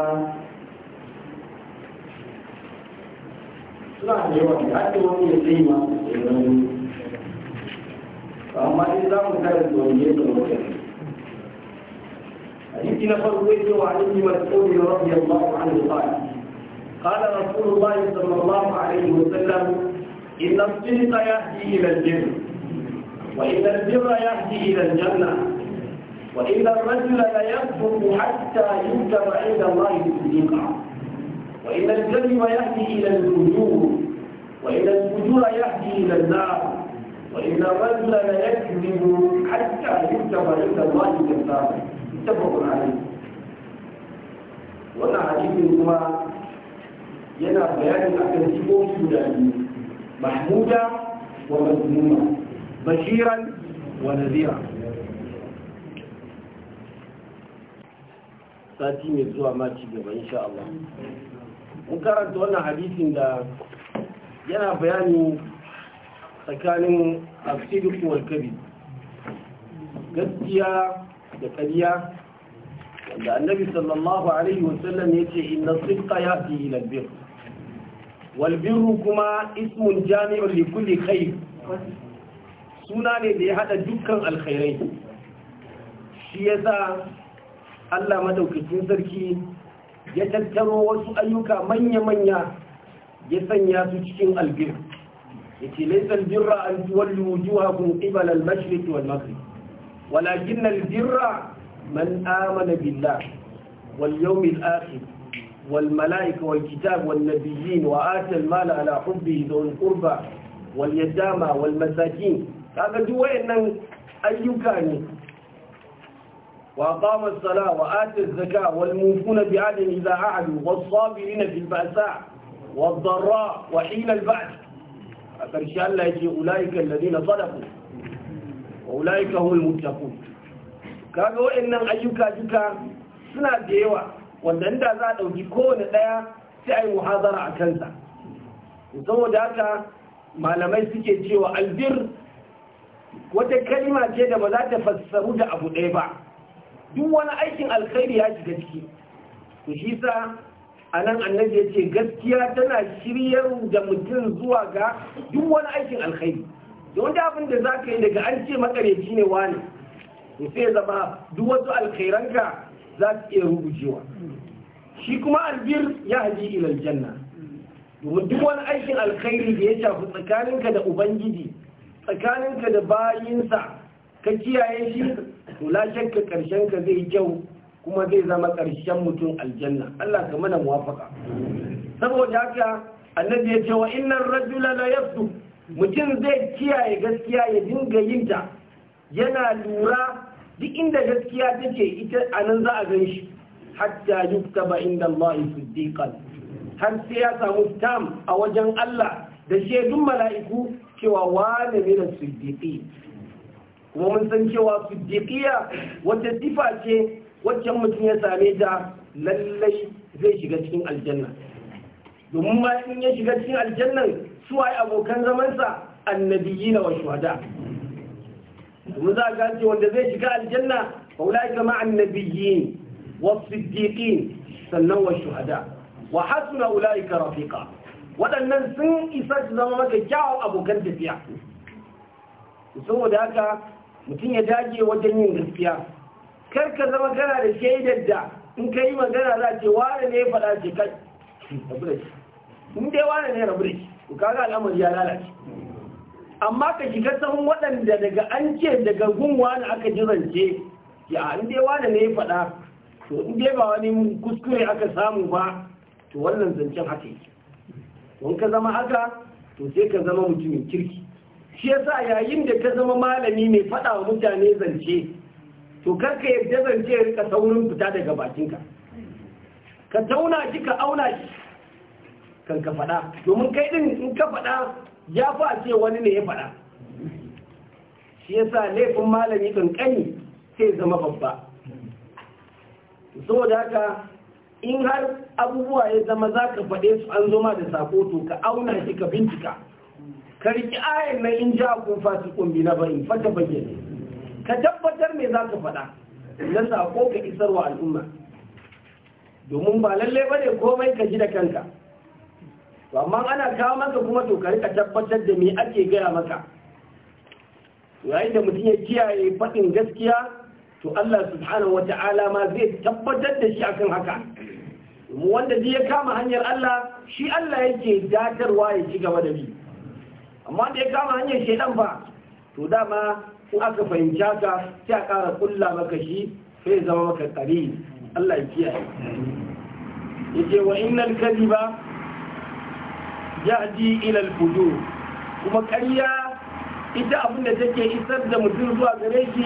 suna da yawa da ake wani ya yi ma da wani amma in za mu kare da wani yadda wata hadisi na farko ya ce wa alihi ya tsauri rabbi Allah wa alihi قال رسول الله صلى الله عليه وسلم إن الصدق يهدي إلى الجنة وإن البر يهدي إلى الجنة وإن الرجل ليكفر حتى يكتب عند الله صديقا وإن الكذب يهدي إلى الفجور وإن الفجور يهدي إلى النار وإن الرجل ليكذب حتى يكتب عند الله كذابا متفق عليه وأنا عجيب yana bayanin akan sifofi guda biyu mahmuda wa mazmuma bashiran wa nazira sati mai zuwa ma ci gaba insha Allah mun karanta wannan hadisin da yana bayani tsakanin asidiku wal kabi gaskiya da ƙarya wanda annabi sallallahu alaihi wasallam yace inna sidqa yati ila albir walbirru kuma ismun jami'ar likulli khair suna ne da ya hada dukkan alkhairai shi yasa Allah madaukakin sarki ya tattaro wasu ayyuka manya-manya ya sanya su cikin albir yace laysa albirra an tuwallu wujuhakum qibala al-mashriq wal maghrib walakin albirra man amana billah wal yawmil akhir والملائكة والكتاب والنبيين وآتى المال على حبه ذو القربى واليتامى والمساكين هذا أن أيكاني وأقام الصلاة وآتى الزكاة والموفون بعد إذا أعدوا والصابرين في البأساء والضراء وحين البعث شاء الله يجي أولئك الذين صدقوا وأولئك هم المتقون كانوا أن أيكا جكا سنة ديوة wanda inda za a ɗauki kowane ɗaya sai ayi yi muhazara a kansa saboda haka malamai suke cewa albir wata kalima ce da ba za ta fassaru da abu ɗaya ba duk wani aikin alkhairi ya shiga ciki to shi sa a nan annabi ya ce gaskiya tana shiryar da mutum zuwa ga duk wani aikin alkhairi don da abin da za ka yi daga an ce makareci ne wani sai zama duk wasu alkhairanka za iya rubujewa shi kuma albir ya haji ilal janna domin duk wani aikin alkhairi da ya shafi tsakaninka da ubangiji tsakaninka da bayinsa ka kiyaye shi to la shakka karshen ka zai kyau kuma zai zama karshen mutum aljanna Allah ka mana muwafaka saboda haka annabi ya ce wa innar rajula la mutum zai kiyaye gaskiya ya dinga yinta yana lura duk inda gaskiya take ita a nan za a gan shi hatta yuktaba inda Allah siddiqan har sai ya samu tam a wajen Allah da shaidun mala'iku cewa wane ne da siddiqi kuma mun san cewa siddiqiya wata sifa ce wacce mutum ya same ta lallai zai shiga cikin aljanna domin ma in ya shiga cikin aljannan su waye abokan zamansa annabiyina wa shuhada domin za a ce wanda zai shiga aljanna fa ulai kama annabiyyin was siddiqin sannan wa shuhada wa hasuna ulai ka rafiqa waɗannan sun isa su zama maka kyawun abokan tafiya saboda haka mutum ya dage wajen yin gaskiya kar ka zama kana da shaidar da in ka yi magana za ce wane ne ya faɗa ce kai rabu da shi in dai wane ne rabu da shi ku kaga al'amari ya lalace amma ka shiga tsawon waɗanda daga an ce daga gunwa da aka jirance ya an dai wani ne ya faɗa to in dai ba wani kuskure aka samu ba to wannan zancen haka yake don ka zama haka to sai ka zama mutumin kirki shi yasa yayin da ka zama malami mai faɗa wa mutane zance to karka yadda zance ya rika saurin fita daga bakinka ka tauna shi ka auna shi kan ka faɗa domin kai ɗin in ka faɗa ya fi a ce wani ne ya faɗa shi ya sa laifin malami kankani sai zama babba da haka in har abubuwa ya zama za ka faɗe su an zoma da sako to ka auna shi ka bincika ka riƙi ayin na in ja kun fasi kumbi na bari fata bayyane ka tabbatar me za ka faɗa na sako ka isarwa al'umma domin ba lallai bane komai ka ji da kanka to amma ana kawo maka kuma to ka rika tabbatar da me ake gaya maka yayin da mutum ya kiyaye faɗin gaskiya to Allah subhanahu wata'ala ma zai tabbatar da shi akan haka wanda ya kama hanyar Allah shi Allah yake datarwa ya ci gaba da bi amma da ya kama hanyar shaidan ba to dama in aka fahimta ka sai a ƙara kulla maka shi sai zama maka tsari Allah ya kiyaye yake wa innal kadhiba yadi ila al-fujur kuma ƙarya ita abin da take isar da mutum zuwa gare shi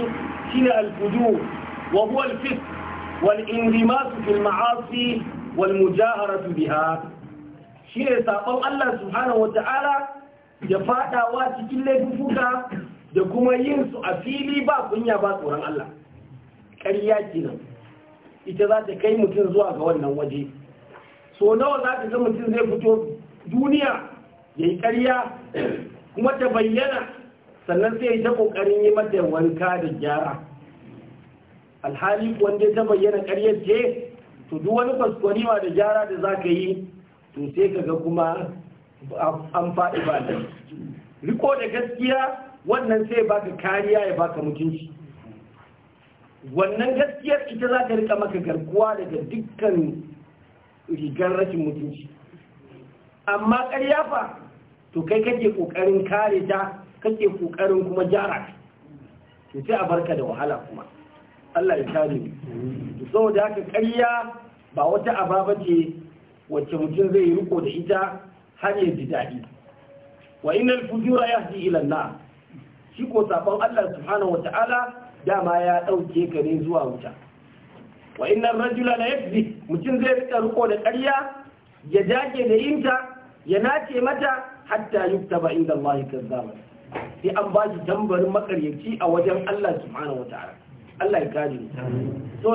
shine al-fujur wa huwa al-fisq wal inrimas ma'asi wal mujaharatu biha shine sabon Allah subhanahu wata'ala da faɗawa cikin laifuka da kuma yin su a fili ba kunya ba tsoron Allah ƙarya kenan ita za ta kai mutum zuwa ga wannan waje so nawa za ta ga mutum zai fito duniya ya yi ƙarya kuma ta bayyana sannan sai ya ta ƙoƙarin yi mata wanka da gyara alhali wanda ta bayyana ƙaryar ce to duk wani kwaskwarewa da gyara da za ka yi to sai ka ga kuma an faɗi ba da riko da gaskiya wannan sai baka kariya ya baka mutunci wannan gaskiyar ita za ta rika maka garkuwa daga dukkan rigar rashin mutunci amma ƙarya fa to kai kake ƙoƙarin kare ta kake ƙoƙarin kuma jara to sai a barka da wahala kuma Allah ya kare mu to saboda haka ƙarya ba wata aba bace wacce mutum zai riko da ita har ya ji daɗi wa innal fujura yahdi ila an shi ko sabon Allah subhanahu wata'ala dama ya ɗauke ka ne zuwa wuta wa innal rajula la yakzi mutum zai rika riko da ƙarya ya dage da inta ya nace mata hatta yuktaba inda Allah kazzaba sai an ba shi tambarin makaryaci a wajen Allah subhanahu wataala Allah ya kaji kare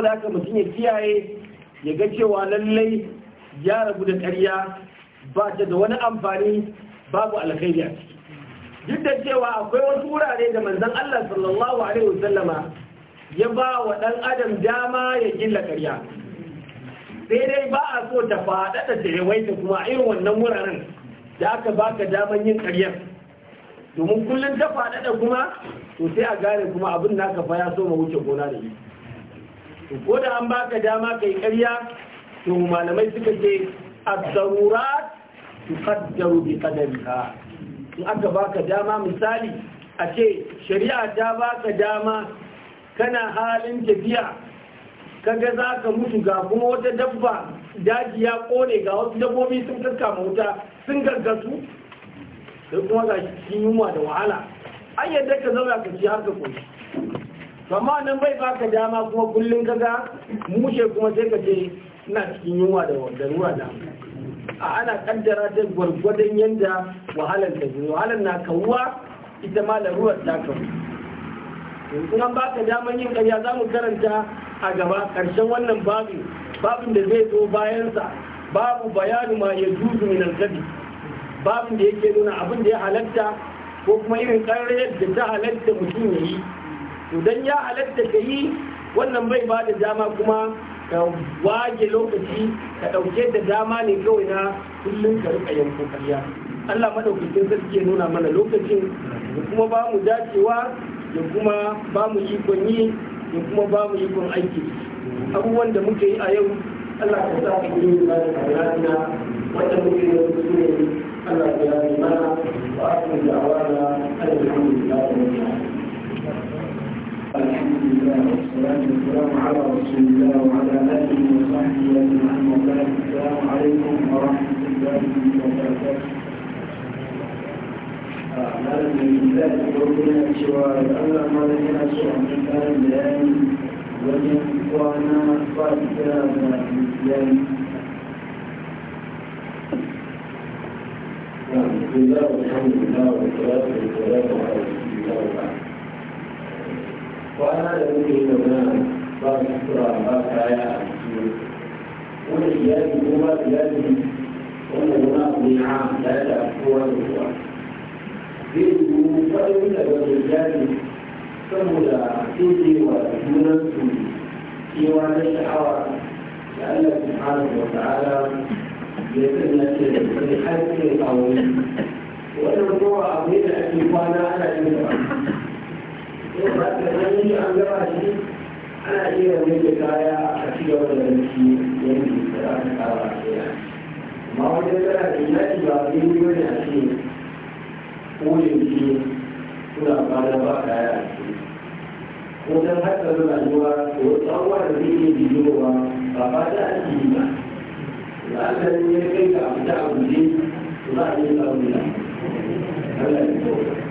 da haka mutum ya kiyaye ya ga cewa lallai ya rabu da ƙarya ba ta da wani amfani babu alkhairi a ciki duk da cewa akwai wasu wurare da manzon Allah sallallahu alaihi wasallama ya ba wa ɗan adam dama ya killa ƙarya sai dai ba a so ta faɗaɗa da yawaita kuma a irin wannan wuraren da aka baka daman yin ƙaryar domin kullum ta faɗaɗa kuma to sai a gane kuma abin naka fa ya so ma wuce gona da yi ko da an baka dama kai ƙarya to malamai suka ce ad su kaddaru bi ha in aka baka dama misali a ce shari'a ta baka dama kana halin tafiya kaga za ka mutu ga kuma wata dabba daji ya kone ga wasu dabbobi sun kaskama wuta sun gaggasu sai kuma ga cikin yunwa da wahala an yadda ka zauna ka ci har ka koshi amma nan bai ka dama kuma kullum kaga mushe kuma sai ka ce ina cikin yunwa da ruwa da a ana kaddara ta gwargwadon yadda wahalar ta wahalar na kawuwa ita ma da ruwa ta kawu in an baka daman yin ƙarya za mu karanta a gaba karshen wannan babin babin da zai zo bayansa babu bayanu ma ya juzu min alkabi babin da yake nuna abin da ya halatta ko kuma irin ƙarre da ta halatta mutum ya yi to dan ya halatta ka yi wannan bai ba da dama kuma ka wage lokaci ka ɗauke da dama ne kawai na kullum ka rika yanko karya Allah madaukakin sarki ya nuna mana lokacin kuma ba mu dacewa da kuma ba mu ikon yi da kuma ba mu ikon aiki abubuwan da muke yi a yau Allah ka sa mu yi ba da kariya wanda muke yi su ne Allah ka yi mana wa akhiru da'wana alhamdulillahi rabbil alamin على رسول الله وعلى وصحبه السلام malamin da ta yana cewa da allah malam yana so a mai karin bayani wajen kwana ba da iyali بسم الله والحمد لله والصلاة والسلام على رسول الله وبعد وأنا لم يكن هنا بعض الشكر على بعض آية والإيجاد هو بلاد وأن هناك نعم لا تأخذ ولا biyu faɗin daga rijali saboda tsewa junansu cewa na sha'awa da Allah subhanahu wa ta'ala ya sanya ce da wani haƙƙin aure wannan kowa abu da ake kwana ana yin ba yau ba ta an yi an gaba shi ana iya rage kaya a ci gaba da yanki yanki da aka kawo a kaya amma wajen tana da yaki ba zai yi wani a cikin ko yanzu suna kwana ba kaya a ciki ko don haka suna yiwa ko tsawon da zai yi biyowa ba ba da ake yi ba za a ganin ya kai ka abu da abu ne za a yi samu da Allah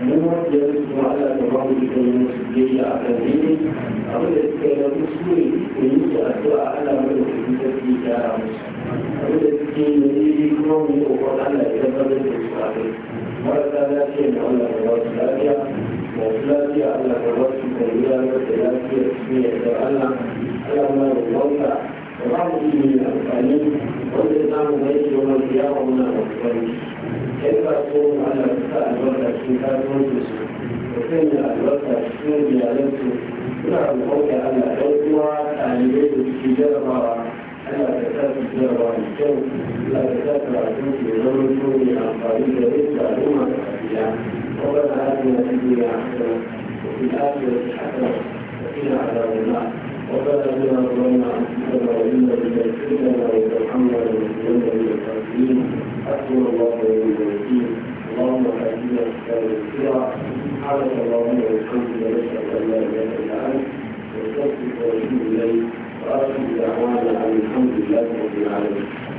mu ya rufe ala Allah ta bamu ne su a kan dini abin da suka yi na musu ne ku yi musu addu'a Allah mai da kuɗi ta fi gyara musu abin da suke yi ne yi kuma mu yi ƙoƙon ala ya tabbatar da su a kai marasa lafiya da Allah ya ba su lafiya masu lafiya Allah ya ba su kariya da lafiya su ne da ala Allah ma ya bauta وبعض الأمثالين والإسلام ليس يوم القيامة من الأمثالين كيف أكون على كفاءة الوقت في كتاب مجلس وكان الوقت في ديانته نعم قولي على العلم تعليمين التجارة على أساس التجارة والجو على أساس العزوز لنوم كوني عن طريق رزق علومة كثيرة ربنا آتنا في الدنيا حسنة وفي الآخرة حسنة وقنا عذاب النار ربنا إنا ظلمنا أنفسنا وإن لم تغفر لنا وترحمنا من الخاسرين حسبنا الله ونعم الوكيل اللهم آتنا كتابا كثيرا سبحانك اللهم وبحمدك نشهد أن لا إله إلا أنت الحمد لله رب العالمين